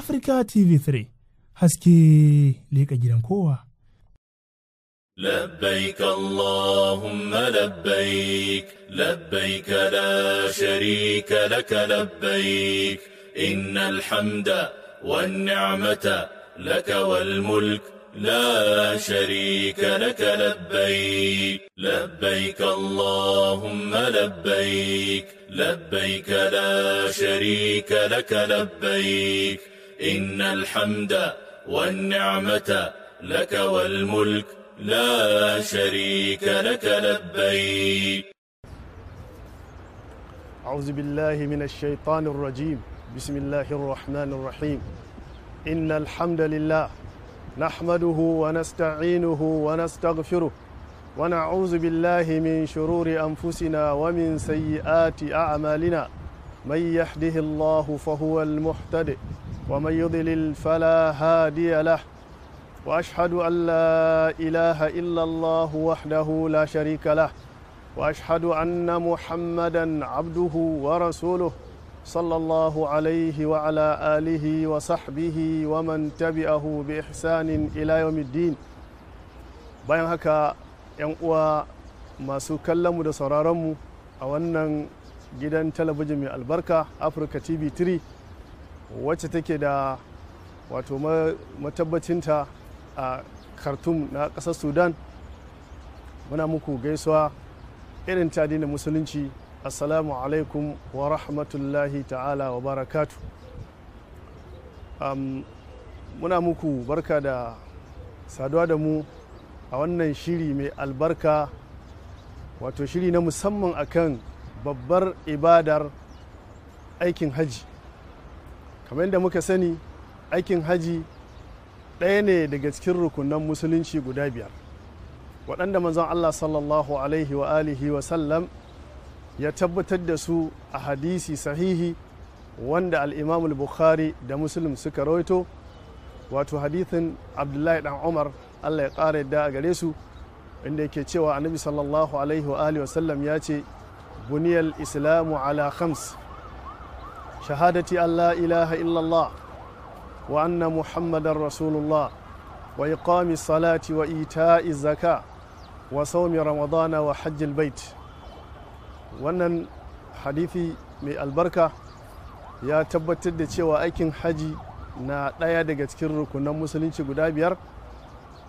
Africa TV3 haske leƙa gidan kowa. لبيك اللهم لبيك لبيك لا شريك لك لبيك إن الحمد والنعمة لك والملك لا شريك لك لبيك لبيك اللهم لبيك لبيك لا شريك لك لبيك إن الحمد والنعمة لك والملك لا شريك لك لبيك أعوذ بالله من الشيطان الرجيم بسم الله الرحمن الرحيم إن الحمد لله نحمده ونستعينه ونستغفره ونعوذ بالله من شرور أنفسنا ومن سيئات أعمالنا من يهده الله فهو المحتدئ ومن يضلل فلا هادي له واشهد ان لا اله الا الله وحده لا شريك له واشهد ان محمدا عبده ورسوله صلى الله عليه وعلى اله وصحبه ومن تبعه باحسان الى يوم الدين bayan haka 'yan uwa masu kallonmu da sauraronmu a wannan gidan talabijin mai albarka afirka tv 3 wacce take da wato matabbacinta a khartoum na ƙasar sudan muna muku gaisuwa irin ta da musulunci assalamu alaikum wa rahmatullahi ta'ala wa barakatu muna muku barka da saduwa da mu a wannan shiri mai albarka wato shiri na musamman akan babbar ibadar aikin hajji kamar yadda muka sani aikin haji ɗaya ne daga cikin rukunan musulunci guda biyar waɗanda manzon allah sallallahu alaihi wa alihi wa sallam ya tabbatar da su a hadisi sahihi wanda al'imamul bukhari da muslim suka rawaito wato hadithin abdullahi dan umar allah ya ƙara yadda a gare su inda yake cewa annabi sallallahu alaihi wa alihi sallam ya ce buniyal islamu ala khams شهادة أن لا إله إلا الله وأن محمدا رسول الله وإقام الصلاة وإيتاء الزكاة وصوم رمضان وحج البيت wannan hadithi mai albarka ya tabbatar da cewa aikin haji na ɗaya daga cikin rukunan musulunci guda biyar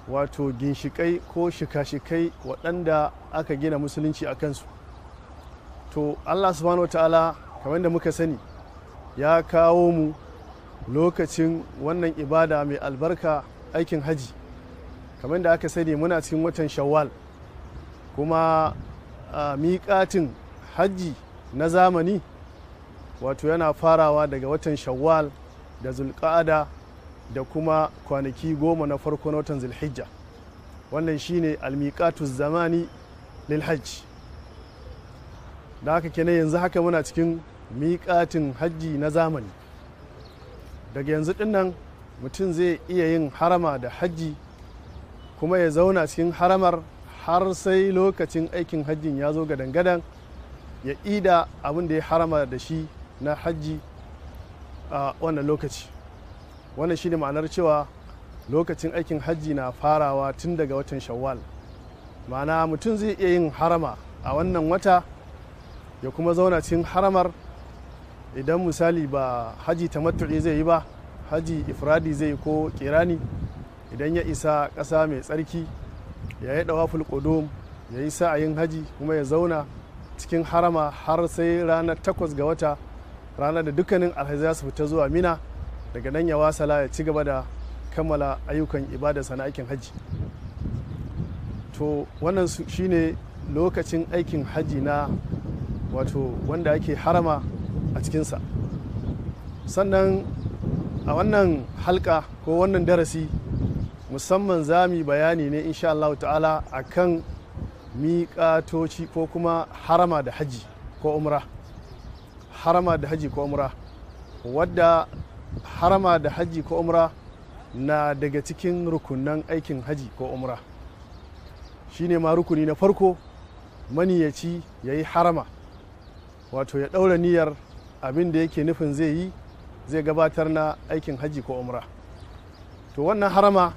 wato ginshikai ko shika-shikai waɗanda aka gina musulunci a kansu to allah subhanahu wa ta'ala kamar da muka sani ya kawo mu lokacin wannan ibada mai albarka aikin haji kamar da aka sani muna cikin watan shawwal kuma miƙatin hajji na zamani wato yana farawa daga watan shawwal da zulƙada da kuma kwanaki goma na farko na watan zulhijja wannan shine almiƙatu zamani lil hajji da haka kenan yanzu haka muna cikin miƙatin hajji na zamani daga yanzu dinnan mutum zai iya yin harama da hajji kuma ya zauna cikin haramar har sai lokacin aikin hajjin ya zo gadan-gadan ya ida abin da ya harama da shi na hajji a wannan lokaci wannan ne ma'anar cewa lokacin aikin hajji na farawa tun daga watan shawwal ma'ana mutum zai iya yin harama a wannan wata ya kuma zauna cikin haramar idan misali ba haji matuƙi zai yi ba haji ifradi zai ko kirani idan ya isa ƙasa mai tsarki ya yi ɗawa ya yi sa'ayin haji kuma ya zauna cikin harama har sai ranar takwas ga wata ranar da dukkanin alhaji za su fita zuwa mina daga nan ya wasala ya ci gaba da kammala ayyukan ibada sana aikin haji to wannan shine lokacin aikin haji na wato wanda ake harama a cikinsa sannan a wannan halka ko wannan darasi musamman za mu bayani ne insha Allah ta'ala a kan miƙatoci ko kuma harama da haji ko umra harama da haji ko umra wadda harama da haji ko umra na daga cikin rukunan aikin haji ko umra ne ma rukuni na farko maniyaci ya yi harama wato ya ɗaura niyyar abin da yake nufin zai yi zai gabatar na aikin haji ko umra to wannan harama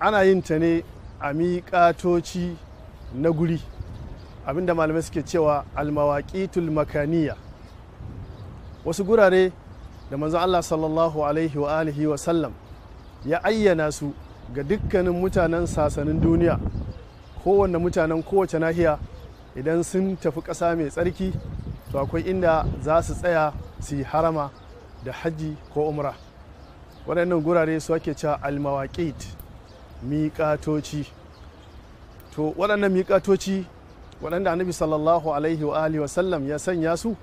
ana yin ta ne a miƙatoci na guri abinda malamai suke cewa almawaƙitul makaniya wasu gurare da manzon Allah sallallahu alaihi wa alihi wa sallam ya ayyana su ga dukkanin mutanen sasanin duniya kowanne mutanen kowace nahiya idan sun tafi ƙasa mai tsarki to akwai inda za su tsaya su yi harama da hajji ko umra waɗannan gurare su ake cewa almawaƙit miƙatoci to waɗannan miƙatoci waɗanda anabi sallallahu alaihi wa alihi wasallam ya sanya su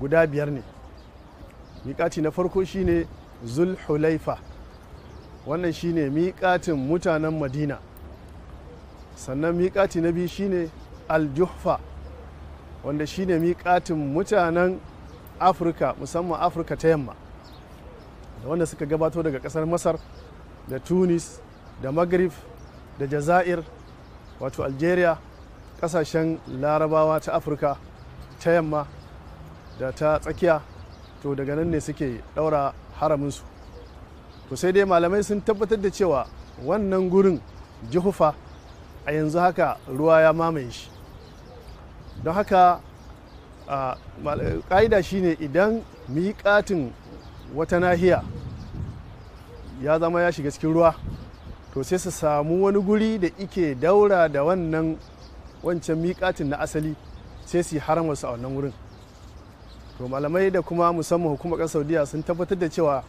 guda biyar ne miƙati na farko shine zulhulaifa wannan shine miƙatin mutanen madina sannan miƙati na biyu shine aljuhfa wanda shi ne miƙatin mutanen afirka musamman afirka ta yamma da wanda suka gabato daga ƙasar masar da tunis da maghrib da jazair wato algeria ƙasashen larabawa ta afirka ta yamma da ta tsakiya to daga nan ne suke ɗaura haraminsu to sai dai malamai sun tabbatar da cewa wannan gurin jihufa a yanzu haka ruwa ya mamaye shi don haka ƙa'ida ne idan miƙatin wata nahiya ya zama ya shiga cikin ruwa to sai su samu wani guri da ike daura da wannan wancan miƙatin na asali sai su yi haramarsu a wannan wurin to malamai da kuma musamman hukumar ƙasar saudiya sun tabbatar da cewa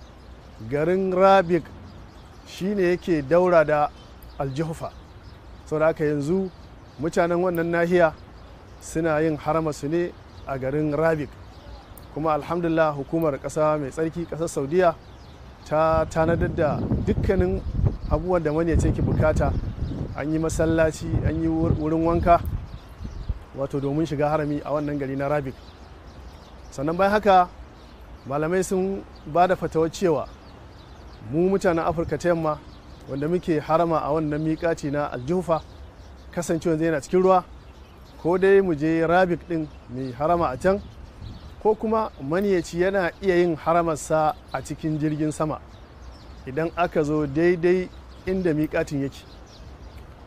garin rabik shine yake daura da aljihufa sau da aka yanzu mutanen wannan nahiya suna yin harama su ne a garin rabik kuma alhamdulillah hukumar kasa mai tsarki kasar saudiya ta tanadar da dukkanin abubuwan da maniyaci ki bukata an yi masallaci an yi wurin wanka wato domin shiga harami a wannan gari na rabik sannan bayan haka malamai sun ba da fatawar cewa mu mutanen afirka ta yamma wanda muke harama a wannan miƙaci na aljufa kasancewa yana cikin ruwa ko dai mu je rabik din mai harama a can ko kuma maniyaci yana iya yin haramarsa a cikin jirgin sama idan aka zo daidai inda miƙatin yake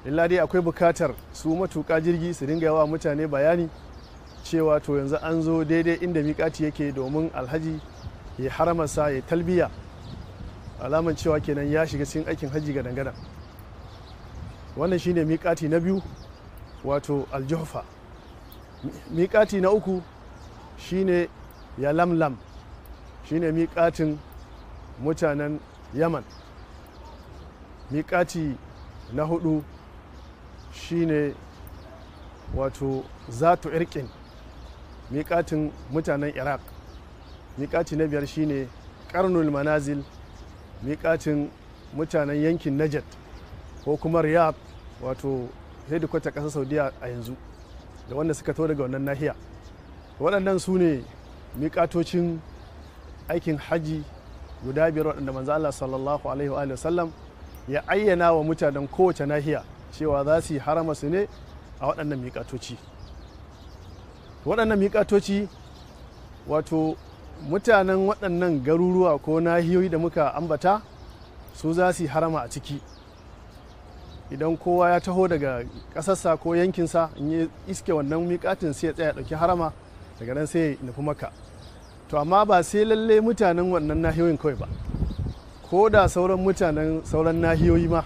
illa dai akwai bukatar su matuƙa jirgi su dinga yawa mutane bayani cewa to yanzu an zo daidai inda miƙati yake domin alhaji ya haramarsa ya talbiya alaman cewa kenan ya shiga cikin aikin haji ga dangana wannan shine miƙati na biyu wato aljuhfa miƙati na uku shine ya lamlam shine miƙatin mutanen yaman miƙati na hudu shine wato zato irkin miƙatin mutanen iraq miƙati na biyar shine karnul manazil miƙatin mutanen yankin najat ko kuma riyadh wato hedikwatar kasar saudiya a yanzu da wanda suka to daga wannan nahiya waɗannan su ne miƙatocin aikin hajji guda biyar waɗanda manzo Allah sallallahu alaihi wa sallam ya ayyana wa mutanen kowace nahiya cewa za su yi harama su ne a waɗannan miƙatoci waɗannan miƙatoci wato mutanen waɗannan garuruwa ko nahiyoyi da muka ambata su za su yi harama a ciki idan kowa ya taho daga ƙasarsa ko yankinsa in yi iske wannan miƙatin sai ya tsaya ɗauki harama daga nan sai ya nufi maka to amma ba sai lalle mutanen wannan nahiyoyin kawai ba ko da sauran mutanen sauran nahiyoyi ma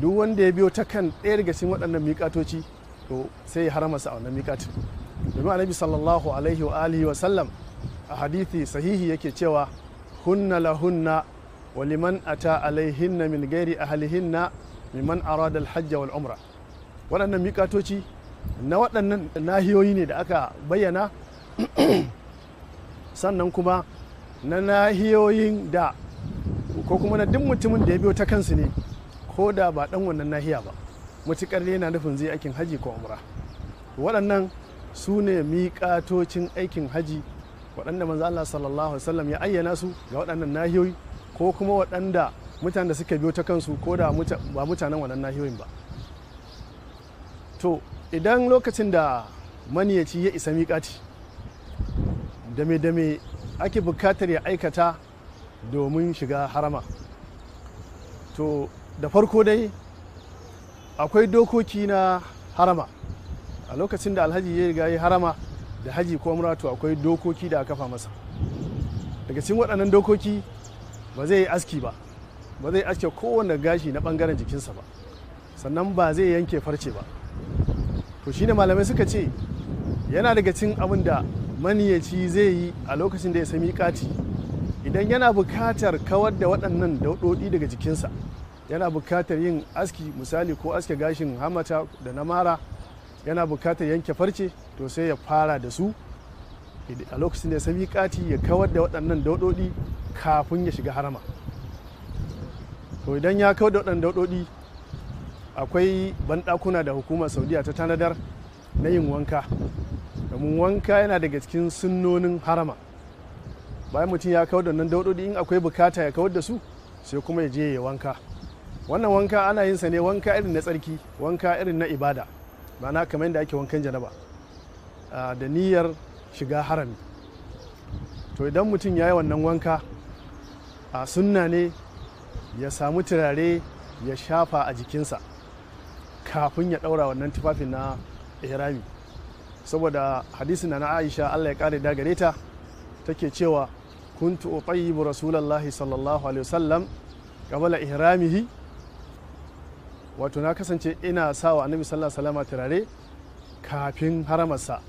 duk wanda ya biyo ta kan ɗaya daga cikin waɗannan miƙatoci to sai ya harama sa a wannan miƙatin domin annabi sallallahu alaihi wa alihi wa sallam a hadithi sahihi yake cewa hunna lahunna wa liman ata alaihinna min gairi ahlihinna liman aradal hajja wal umra waɗannan miƙatoci na waɗannan nahiyoyi ne da aka bayyana sannan kuma na nahiyoyin da ko kuma na duk mutumin da ya biyo ta kansu ne ko da ba ɗan wannan nahiya ba mutuƙar ne yana nufin zai aikin haji ko umra waɗannan su ne miƙatocin aikin haji waɗanda manzo Allah sallallahu alaihi wasallam ya ayyana su ga waɗannan nahiyoyi ko kuma waɗanda mutanen da suka biyo ta kansu ko da ba mutanen wannan nahiyoyin ba to idan lokacin da maniyaci ya isa miƙaci dame-dame ake bukatar ya aikata domin shiga harama to da farko dai akwai dokoki na harama a lokacin da alhaji ya riga ya harama da haji ko muratu akwai dokoki da aka kafa masa daga cikin waɗannan dokoki ba zai yi aski ba ba zai aske kowane gashi na bangaren jikinsa ba sannan ba zai yanke farce ba to shine malamai suka ce yana daga cin abin da maniyaci zai yi a lokacin da ya sami kati idan yana bukatar kawar da waɗannan daudodi daga jikinsa yana bukatar yin aski misali ko aske gashin hamata da na mara yana bukatar yanke farce to sai ya fara da su a lokacin da ya sami kati ya kawar da waɗannan daudodi kafin ya shiga harama to idan ya kawo da waɗanda daudodi akwai banɗakuna da hukumar saudiya ta tanadar na yin wanka domin wanka yana daga cikin sunnonin harama bayan mutum ya kawo da nan in akwai bukata ya kawar da su sai kuma ya je ya wanka wannan wanka ana yin sa ne wanka irin na tsarki wanka irin na ibada ma'ana kamar yadda ake wankan janaba da niyyar shiga harami to idan mutum ya yi wannan wanka a sunna ne ya samu turare ya shafa a jikinsa kafin ya ɗaura wannan tufafi na ihrami saboda hadisin na aisha allah ya ƙare da gare ta take cewa kuntu utayyibu rasulallahi sallallahu alaihi wasallam qabla ihramihi wato na kasance ina sa wa annabi sallallahu alaihi wasallam turare kafin haramarsa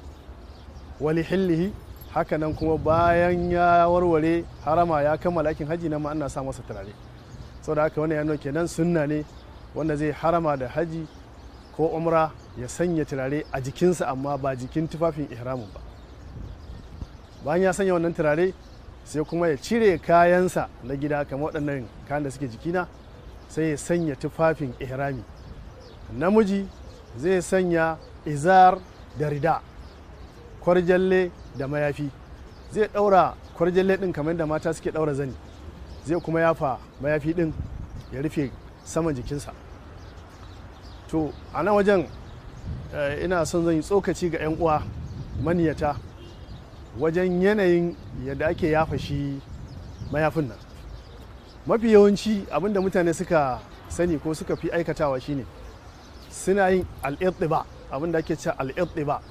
wali hillihi hakanan kuma bayan ya warware harama ya kammala aikin haji na ma ana sa masa turare saboda haka wannan ya nuna kenan sunna ne wanda zai harama da haji ko umra ya sanya turare a jikinsa amma ba jikin tufafin ihramin ba bayan ya sanya wannan turare sai kuma ya cire kayansa na gida kamar waɗannan kayan da suke jikina sai ya sanya tufafin ihrami namiji zai sanya izar da rida kwarjalle da mayafi zai ɗaura kwarjalle ɗin kamar da mata suke ɗaura zani zai kuma yafa mayafi din ya rufe saman jikinsa to a nan wajen eh, ina son zan yi tsokaci ga 'yan uwa maniyata wajen yanayin yadda ake yafa shi mayafin nan mafi yawanci abinda mutane suka sani ko suka fi aikatawa shine suna yin al'irɗiba abinda ake ce al'irɗiba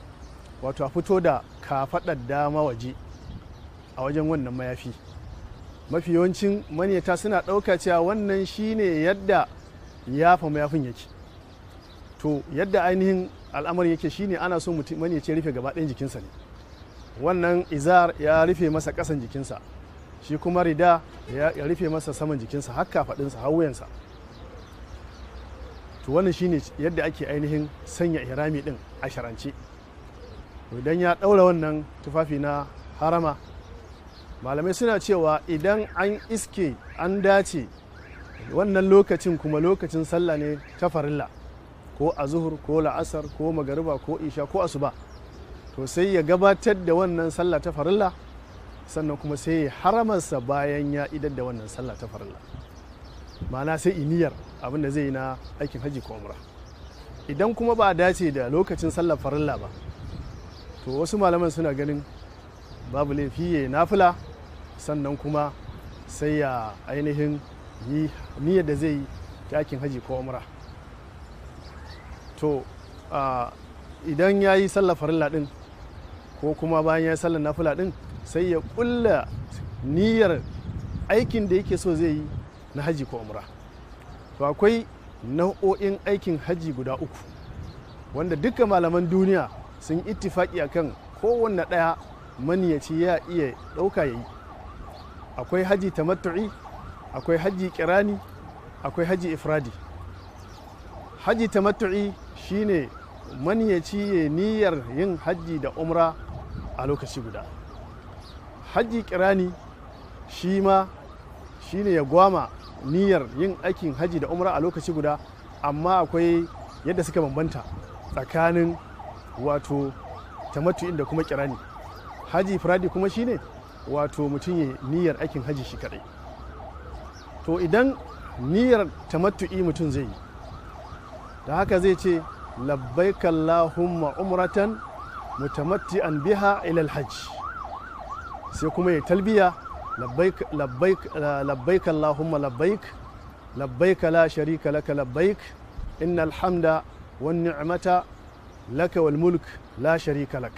wato a fito da kafaɗar dama waje a wajen wannan mayafi mafi yawancin manyata suna ɗauka cewa wannan shine yadda ya fa mayafin yake to yadda ainihin al'amari yake shine ana so manyaci rufe gaba ɗayan jikinsa ne wannan izar ya rufe masa ƙasan jikinsa shi kuma rida ya rufe masa saman jikinsa har kafaɗinsa har wuyansa to wannan shine yadda ake ainihin sanya ihrami ɗin a sharance idan ya ɗaura wannan tufafi na harama malamai suna cewa idan an iske an dace wannan lokacin kuma lokacin sallah ne ta farilla ko a zuhur ko la'asar ko magariba ko isha ko asuba to sai ya gabatar da wannan sallah ta farilla sannan kuma sai ya haramarsa bayan ya idar da wannan sallah ta farilla ma'ana sai iniyar abin zai yi na aikin haji ko umra idan kuma ba a dace da lokacin sallar farilla ba to wasu malaman suna ganin babu laifi ya nafila sannan kuma sai ya ainihin yi niyyar da zai yi ta haji ko umra to idan ya yi sallar farilla din ko kuma bayan ya yi sallar nafila din sai ya kulla niyyar aikin da yake so zai yi na haji ko umra to akwai nau'o'in aikin haji guda uku wanda duka malaman duniya sun ittifaki akan kowanne ɗaya maniyaci ya iya ɗauka ya yi akwai haji tamattu'i akwai haji kirani akwai haji ifradi haji tamattu'i shine maniyaci ya niyyar yin haji da umra a lokaci guda haji kirani shi ma shine ya gwama niyyar yin aikin haji da umra a lokaci guda amma akwai yadda suka bambanta tsakanin wato tamattu'in da kuma kirani haji ifradi kuma shine ne wato mutum ya niyyar aikin hajji shi kadai to idan niyyar tamattu'i mutum zai yi da haka zai ce labbaik allahumma umratan mutamatti'an biha ila alhajj sai kuma ya talbiya labbaik labbaik labbaik allahumma la sharika laka labbaik innal alhamda wan ni'mata laka wal mulk la sharika lak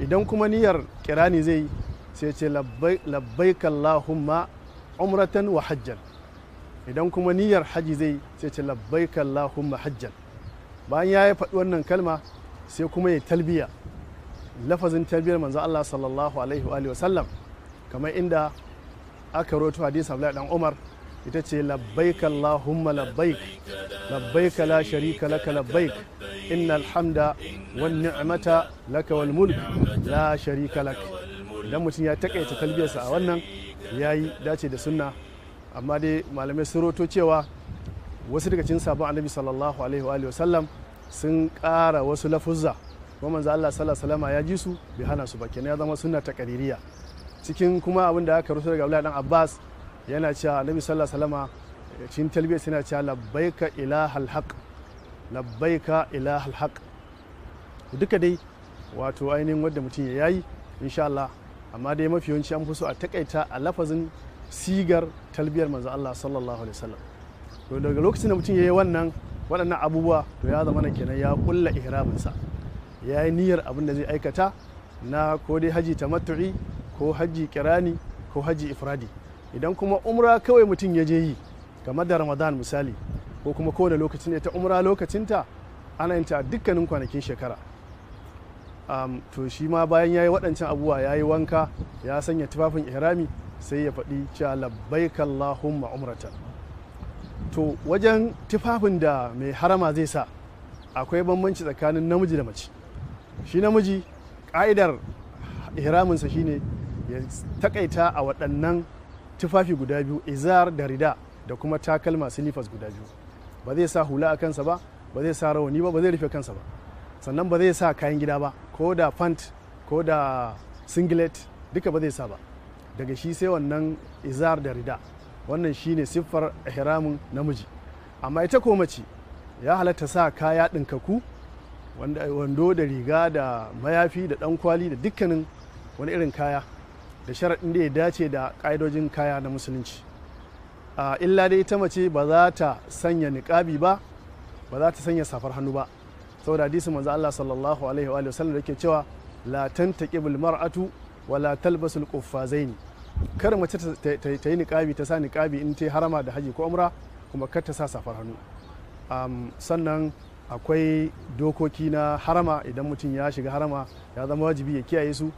idan kuma niyyar kirani zai sai ce labbaik Allahumma umratan wa hajjan idan kuma niyyar haji zai sai ce labbaik Allahumma hajjan bayan ya yi faɗi wannan kalma sai kuma ya talbiya lafazin talbiyar manzo Allah sallallahu alaihi wa sallam kamar inda aka roto hadisi Abdullahi dan Umar ita ce labbaik Allahumma labbaik labbaik la sharika laka labbaik innal hamda wan ni'mata laka wal mulk la sharika laka idan mutum ya takaita talbiyarsa a wannan ya yi dace da sunna amma dai malamai sun roto cewa wasu daga cin sabon annabi sallallahu alaihi wa sallam sun ƙara wasu lafuzza kuma manzo Allah sallallahu alaihi ya ji su bai hana su ba kenan ya zama sunna ta kaririya cikin kuma abin da aka rusa daga Abdullahi dan Abbas yana cewa annabi sallallahu alaihi cikin talbiyar suna cewa labbaika ilahal haq labbaika ilahal haq duka dai wato ainihin wanda mutum ya yi insha Allah amma dai mafi yawanci an fi so a takaita a lafazin sigar talbiyar manzo Allah sallallahu alaihi wasallam to daga lokacin da mutum yayi wannan waɗannan abubuwa to ya zama kenan ya kulla ihramin ya yi niyyar abin da zai aikata na ko dai haji tamattu'i ko haji kirani ko haji ifradi idan kuma umra kawai mutum ya je yi kamar da ramadan misali ko kuma kowane lokacin ne ta umra lokacinta ana yin ta dukkanin kwanakin shekara Um, to shi ma bayan ya yi waɗancan abubuwa ya yi wanka ya sanya tufafin ihrami sai ya faɗi cewa labbai Allahumma umrata to wajen tufafin da mai harama zai sa akwai bambanci tsakanin namiji da mace shi namiji ƙa'idar ihraminsa shine ya takaita a waɗannan tufafi guda biyu izar da rida da kuma takalma silifas guda biyu ba zai sa hula a kansa ba ba zai sa rawani ba ba zai rufe kansa ba sannan ba zai sa kayan gida ba ko da pant ko da singlet duka ba zai sa ba daga shi sai wannan izar da rida wannan shi ne siffar ihramin namiji amma ita ko mace ya halatta sa kaya ɗinkaku wando da riga da mayafi da ɗankwali da dukkanin wani irin kaya da sharaɗin da ya dace da ƙa'idojin kaya na musulunci ah, illa dai ita mace ba za ta sanya niƙabi ba ba za ta sanya safar hannu ba saboda hadisin manzo Allah sallallahu alaihi wa sallam yake cewa la tantaqibul mar'atu wa la talbasul quffazain kar mace ta yi niqabi ta sa niqabi in ta harama da haji ko umra kuma kar ta sa safar hannu sannan akwai dokoki na harama idan mutum ya shiga harama ya zama wajibi ya kiyaye su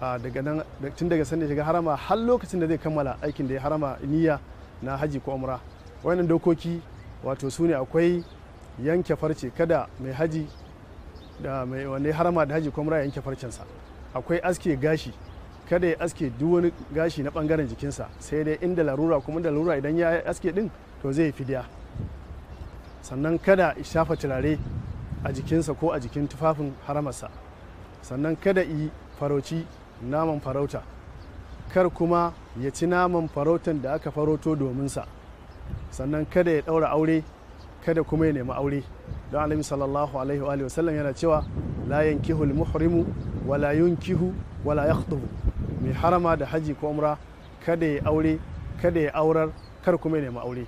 daga nan tun daga sanda shiga harama har lokacin da zai kammala aikin da ya harama niyya na haji ko umra Wannan dokoki wato su ne akwai yanke farce kada mai haji da mai wani harama da haji kuma yanke farcensa akwai aske gashi kada ya aske duk wani gashi na bangaren jikinsa sai dai inda larura kuma da larura idan ya aske din to zai fidiya sannan kada ya shafa turare a jikinsa ko a jikin tufafin haramarsa sannan kada yi farauci naman farauta kar kuma ya ci naman farautan da aka faroto domin sa sannan kada ya daura aure kada kuma ya nemi aure don annabi sallallahu alaihi wa sallam yana cewa la kihul muhrimu wala kihu wala yakhdubu mai harama da haji ko umra kada ya aure kada ya aurar kar kuma ya nemi aure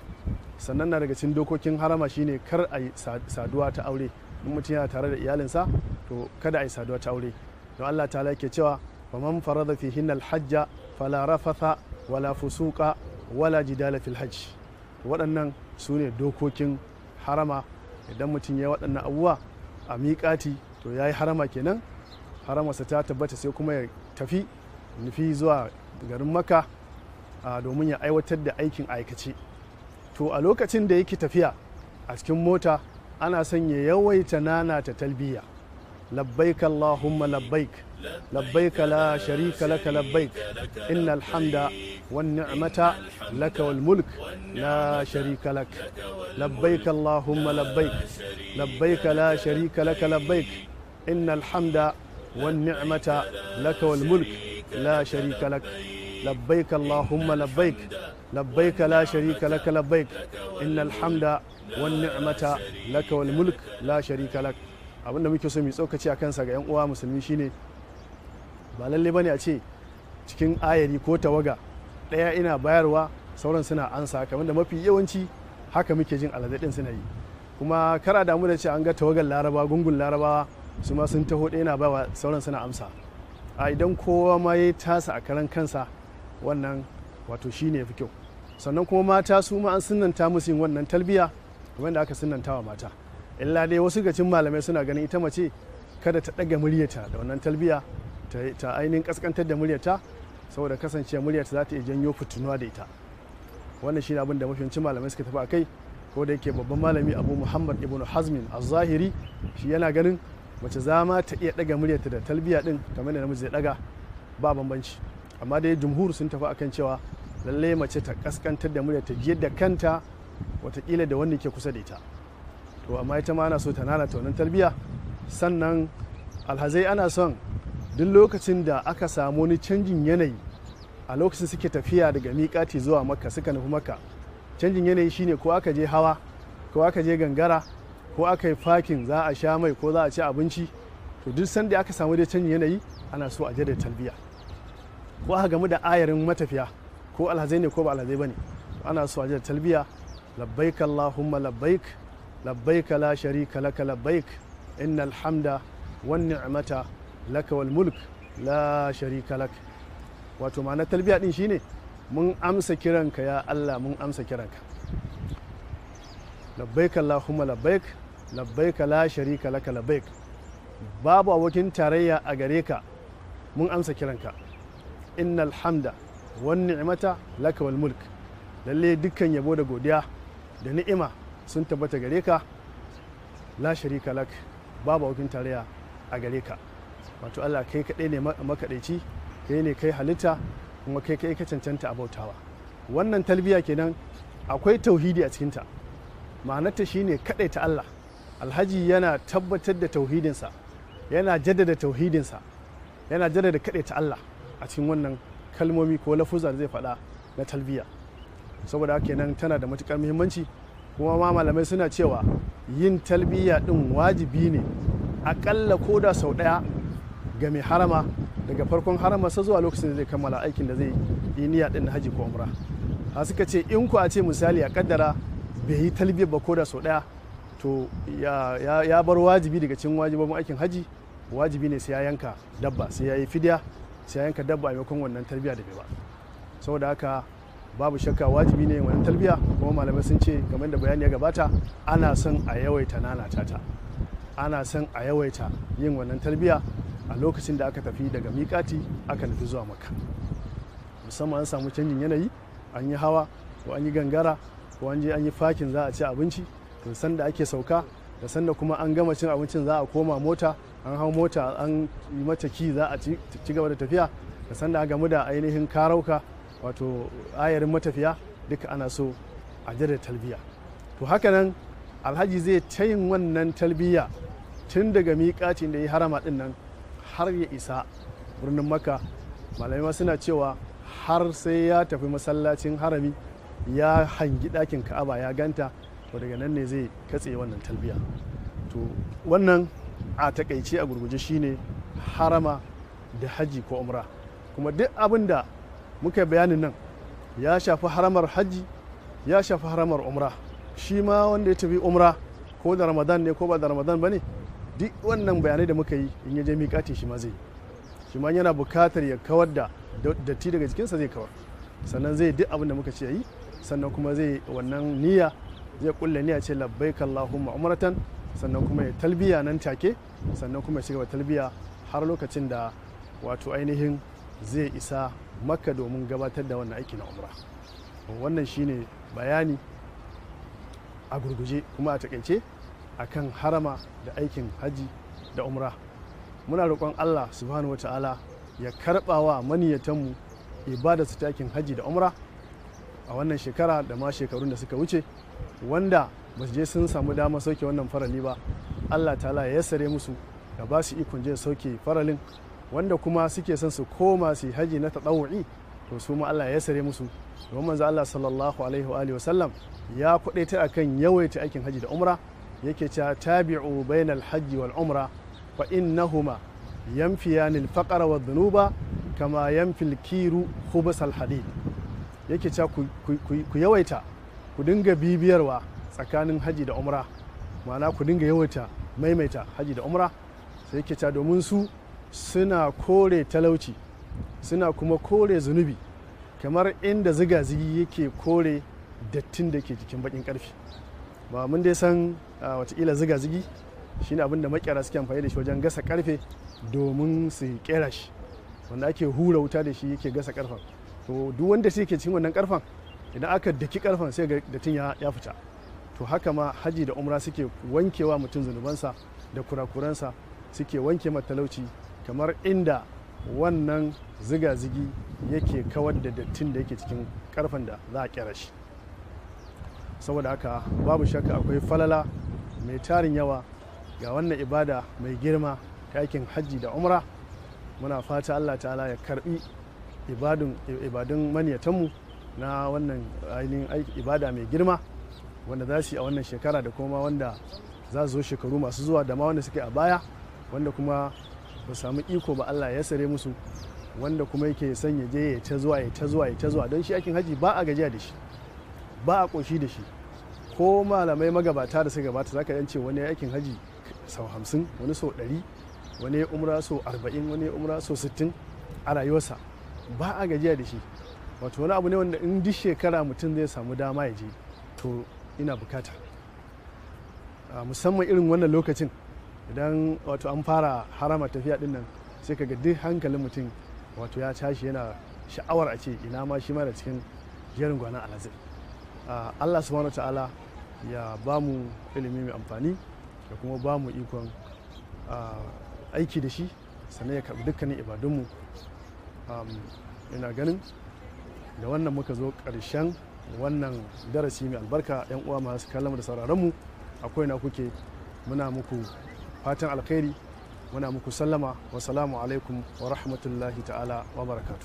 sannan na daga cikin dokokin harama shine kar a yi saduwa ta aure in mutum yana tare da iyalinsa to kada a yi saduwa ta aure don Allah ta'ala ke cewa fa man farada fi hinnal hajja fala rafatha wala fusuqa wala jidala fil hajj waɗannan su ne dokokin harama idan mutum ya waɗannan abubuwa a miƙati to ya yi harama kenan haramarsa ta tabbata sai kuma ya tafi nufi zuwa garin maka domin ya aiwatar da aikin aikace to a lokacin da yake tafiya a cikin mota ana son ya yawaita nana ta talbiya labbaik allahumma labbaik labbaik la sharika laka labbaik innal hamda wan ni'mata laka wal mulk la sharika lak لبيك اللهم لبيك لبيك لا شريك لك لبيك إن الحمد والنعمة لك والملك لا شريك لك لبيك اللهم لبيك لبيك لا شريك لك لبيك إن الحمد والنعمة لك والملك لا شريك لك abin da muke so mu tsokaci a kansa ga 'yan uwa musulmi shine ba lalle bane a ce cikin ayari ko tawaga ɗaya ina bayarwa sauran suna ansa kamar da mafi yawanci haka muke jin alade suna yi kuma kara damu da ce an ga tawagar laraba gungun laraba su ma sun taho ɗaya na ba wa sauran suna amsa a idan kowa ma ya tasa a karan kansa wannan wato shi ne fi kyau sannan kuma mata su ma an sunanta musu yin wannan talbiya kamar da aka sunanta wa mata illa dai wasu gacin malamai suna ganin ita mace kada ta ɗaga muryata da wannan talbiya ta ainihin kaskantar da muryata saboda kasance muryarta za ta iya janyo fitinuwa da ita wannan shi shine abin da mafiyancin malamai suka tafi kai ko da yake babban malami abu muhammad ibn hazmin A zahiri shi yana ganin mace zama ta iya daga muryarta da talbiya din kamar da namiji zai daga ba bambanci amma dai jumhur sun tafi akan cewa lallai mace ta kaskantar da muryarta da kanta watakila da wanda ke kusa da ita to amma ita ma ana so ta nana ta talbiya sannan alhazai ana son duk lokacin da aka samu wani canjin yanayi a lokacin suke tafiya daga miƙati zuwa makka suka nufi makka canjin yanayi shine ko aka je hawa ko aka je gangara ko aka yi fakin za a sha mai ko za a ci abinci to duk sanda aka samu dai canjin yanayi ana so a je da talbiya ko aka gamu da ayarin matafiya ko alhazai ne ko ba alhazai bane ana so a je da talbiya labbaik allahumma labbaik labbaik la sharika laka labbaik innal hamda wan ni'mata laka wal mulk la sharika laka wato na talbiya din shine mun amsa kiranka ya Allah mun amsa kiranka labbaik Allahumma labbaik labbaik la sharika laka labbaik babu abokin tarayya a gare ka mun amsa kiranka innal hamda wan ni'mata laka wal mulk lalle dukkan yabo da godiya da ni'ima sun tabbata gare ka la sharika lak babu abokin tarayya a gare ka wato Allah kai kaɗai ne makaɗaici kai ne kai halitta kuma kai kai ka cancanta abautawa wannan talbiya kenan akwai tauhidi a cikinta ma'anarta shine ta Allah alhaji yana tabbatar da tauhidinsa yana jaddada tauhidinsa yana jaddada ta Allah a cikin wannan kalmomi ko lafuza zai faɗa na talbiya saboda haka kenan tana da matukar muhimmanci kuma ma malamai suna cewa yin talbiya din wajibi ne akalla ko da sau ɗaya ga mai harama daga farkon harama sa zuwa lokacin da zai kammala aikin da zai yi niyya din na haji ko umra a suka ce in ku a ce misali a kaddara bai yi talbiyar ba ko da sau daya to ya, bar wajibi daga cikin wajibin aikin haji wajibi ne sai ya yanka dabba sai ya yi fidya sai ya yanka dabba a maimakon wannan talbiya da bai ba saboda haka babu shakka wajibi ne wannan talbiya kuma malamai sun ce game da bayani ya gabata ana son a yawaita nanata tata ana son a yawaita yin wannan talbiya a lokacin da aka tafi daga mikati aka nufi zuwa maka musamman an samu canjin yanayi an yi hawa ko an yi gangara ko an je an yi fakin za a ci abinci to sanda ake sauka da sanda kuma an gama cin abincin za a koma mota an hau mota an yi mata ki za a ci gaba da tafiya da sanda da gamu da ainihin karauka wato ayarin matafiya duka ana so a jada talbiya to haka nan alhaji zai ta yin wannan talbiya tun daga miƙacin da ya harama din nan har ya isa birnin makka malamai suna cewa har sai ya tafi masallacin harami ya hangi ɗakin ka'aba ya ganta to daga nan ne zai katse wannan talbiya to wannan a takaice a gurguje shine harama da haji ko umra kuma duk abin da muka bayanin nan ya shafi haramar haji ya shafi haramar umra shi ma wanda ya tafi umra ko da ramadan ne ko ba da ramadan ba ne duk wannan bayanai da muka yi in ya je miƙatin shi ma zai yi shi ma yana buƙatar ya kawar da datti daga jikinsa zai kawar sannan zai duk abin da muka ce yi sannan kuma zai wannan niyya zai kulle niyya ce labbai kallahu ma'amuratan sannan kuma ya talbiya nan take sannan kuma ya ci gaba talbiya har lokacin da wato ainihin zai isa maka domin gabatar da wannan aiki na umra wannan shine bayani a gurguje kuma a takaice akan harama da aikin haji da umra muna roƙon allah subhanahu wa ta'ala ya karɓa wa maniyatanmu ibada su takin haji da umra a wannan shekara da ma shekarun da suka wuce wanda ba su je sun samu dama sauke wannan farali ba allah ta'ala ya sare musu da ba su ikon je sauke faralin wanda kuma suke son su koma su haji na taɗawu'i to su ma allah ya sare musu domin manzo allah sallallahu alaihi wa sallam ya kuɗaita akan yawaita aikin haji da umra yake cewa tabi'u bainal hajji wal umra fa innahuma yanfiyani al-faqr wa dhunuba kama yanfil kiru khubus al-hadid yake cewa ku yawaita ku dinga bibiyarwa tsakanin haji da umra ma'ana ku dinga yawaita maimaita haji da umra sai yake cewa domin su suna kore talauci suna kuma kore zunubi kamar inda zigazigi yake kore dattin da ke jikin bakin karfi ba mun dai san ah, watakila ziga-zigi shi ne abinda makera suke amfani da shi wajen gasa karfe domin su kera shi wanda ake hura wuta da shi yake gasa karfen to duk wanda shi ke cikin wannan karfen idan aka daki karfen sai ga datin ya fita to haka ma haji da umra suke wankewa mutum zunubansa da kurakuransa suke wanke matalauci kamar inda wannan ziga-zigi yake kawar da dattin da yake cikin karfen da za a kera shi saboda haka babu shakka akwai falala mai tarin yawa ga wannan ibada mai girma ta aikin hajji da umra muna fata allah ta'ala ya karbi ibadun maniyatanmu na wannan ainihin ibada mai girma wanda za su yi a wannan shekara da kuma wanda za su zo shekaru masu zuwa da ma wanda suke a baya wanda kuma ba samu iko ba allah ya sare musu wanda kuma yake son ya je ya ta zuwa ya ta zuwa ya ta zuwa don shi aikin hajji ba a gajiya da shi ba a ƙoshi da shi ko malamai magabata da suka gabata zaka yan ce wani aikin haji sau hamsin wani sau ɗari wani ya umra sau arba'in wani ya umra sau sittin a rayuwarsa ba a gajiya da shi wato wani abu ne wanda in duk shekara mutum zai samu dama ya je to ina bukata musamman irin wannan lokacin idan wato an fara harama tafiya din nan sai ga duk hankalin mutum wato ya tashi yana sha'awar a ce ina ma shi ma cikin jerin gwanan alazir Ah, allah subhanahu ta'ala ya ba mu ilimi mai amfani ya kuma ba mu ikon ah, aiki da shi sannan ya karbi dukkanin ibadunmu ina ganin da wannan muka zo ƙarshen wannan darasi mai albarka yan uwa masu kallon da sauraronmu akwai na kuke muna muku fatan alkhairi muna muku sallama wasalamu alaikum wa rahmatullahi ta'ala wa barakatu